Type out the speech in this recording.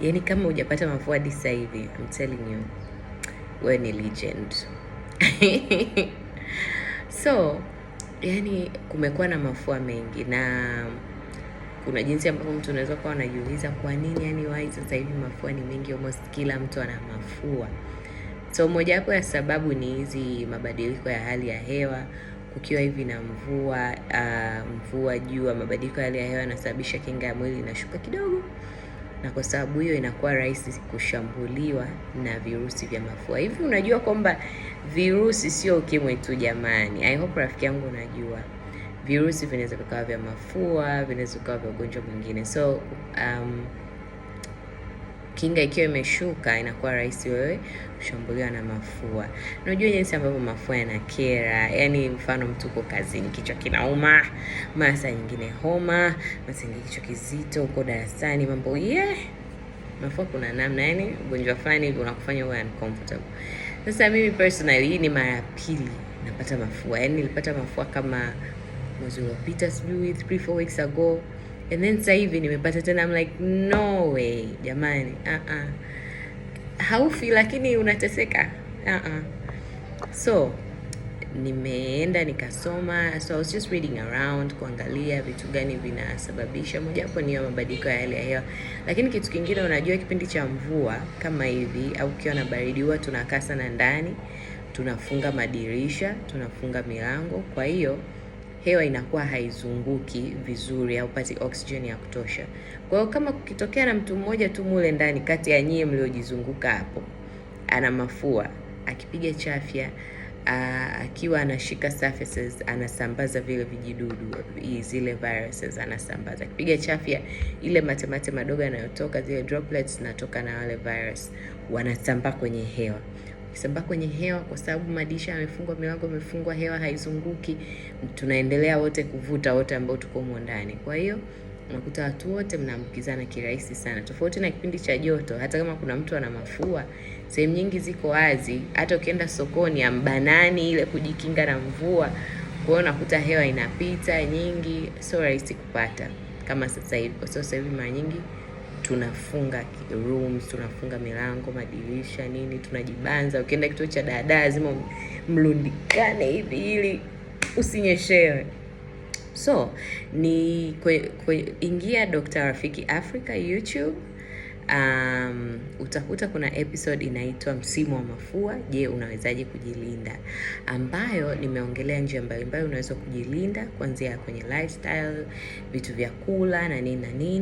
yani kama hujapata mafua hadi sasa hivi, I'm telling you, wewe ni legend. So, yani kumekuwa na mafua mengi na kuna jinsi ambavyo mtu unaweza kuwa unajiuliza kwa nini yani wai sasa hivi mafua ni mengi, almost kila mtu ana mafua. So mojawapo ya sababu ni hizi mabadiliko ya hali ya hewa, kukiwa hivi na mvua uh, mvua, jua, mabadiliko ya hali ya hewa yanasababisha kinga ya mwili inashuka kidogo na kwa sababu hiyo inakuwa rahisi kushambuliwa na virusi vya mafua. Hivi unajua kwamba virusi sio ukimwi tu jamani? I hope rafiki yangu unajua virusi vinaweza vikawa vya mafua, vinaweza vikawa vya ugonjwa mwingine so um, kinga ikiwa imeshuka, inakuwa rahisi wewe kushambuliwa na mafua. Unajua jinsi ambavyo mafua yanakera, yaani mfano mtu uko kazini kichwa kinauma, masa nyingine homa, masa nyingine kichwa kizito, uko darasani mambo yeah. Mafua kuna namna, yani ugonjwa fulani unakufanya uwe uncomfortable. Sasa mimi personally, hii ni mara ya pili napata mafua, yaani nilipata mafua kama mwezi uliopita, sijui 3 4 weeks ago and then sasa hivi nimepata tena, I'm like no way jamani, uh -uh. Haufi lakini unateseka uh -uh. So nimeenda nikasoma, so I was just reading around kuangalia vitu gani vinasababisha. Mojawapo ni mabadiliko ya hali ya hewa, lakini kitu kingine, unajua kipindi cha mvua kama hivi au ukiwa na baridi, huwa tunakaa sana ndani, tunafunga madirisha, tunafunga milango, kwa hiyo hewa inakuwa haizunguki vizuri, haupati oxygen ya kutosha. Kwa hiyo kama kukitokea na mtu mmoja tu mule ndani kati ya nyie mliojizunguka hapo ana mafua, akipiga chafya Uh, akiwa anashika surfaces anasambaza vile vijidudu zile viruses anasambaza. Akipiga chafya ile matemate madogo yanayotoka zile droplets zinatoka na wale virus wanasambaa kwenye hewa ukisambaa kwenye hewa, kwa sababu madirisha yamefungwa, milango imefungwa, hewa haizunguki, tunaendelea wote kuvuta, wote ambao tuko humo ndani. Kwa hiyo unakuta watu wote mnaambukizana kirahisi sana, tofauti na kipindi cha joto. Hata kama kuna mtu ana mafua, sehemu nyingi ziko wazi, hata ukienda sokoni ambanani ile kujikinga na mvua. Kwa hiyo unakuta hewa inapita nyingi, sio rahisi kupata kama sasa hivi, kwa sababu sasa hivi mara nyingi tunafunga rooms, tunafunga milango, madirisha, nini, tunajibanza. Ukienda kituo cha dada lazima mlundikane hivi ili usinyeshewe. So ni kwe, kwe, ingia Dr. Rafiki Africa YouTube. Um, utakuta kuna episode inaitwa msimu wa mafua, je, unawezaje kujilinda, ambayo nimeongelea njia mbalimbali unaweza kujilinda kuanzia kwenye lifestyle, vitu vya kula na nini na nini.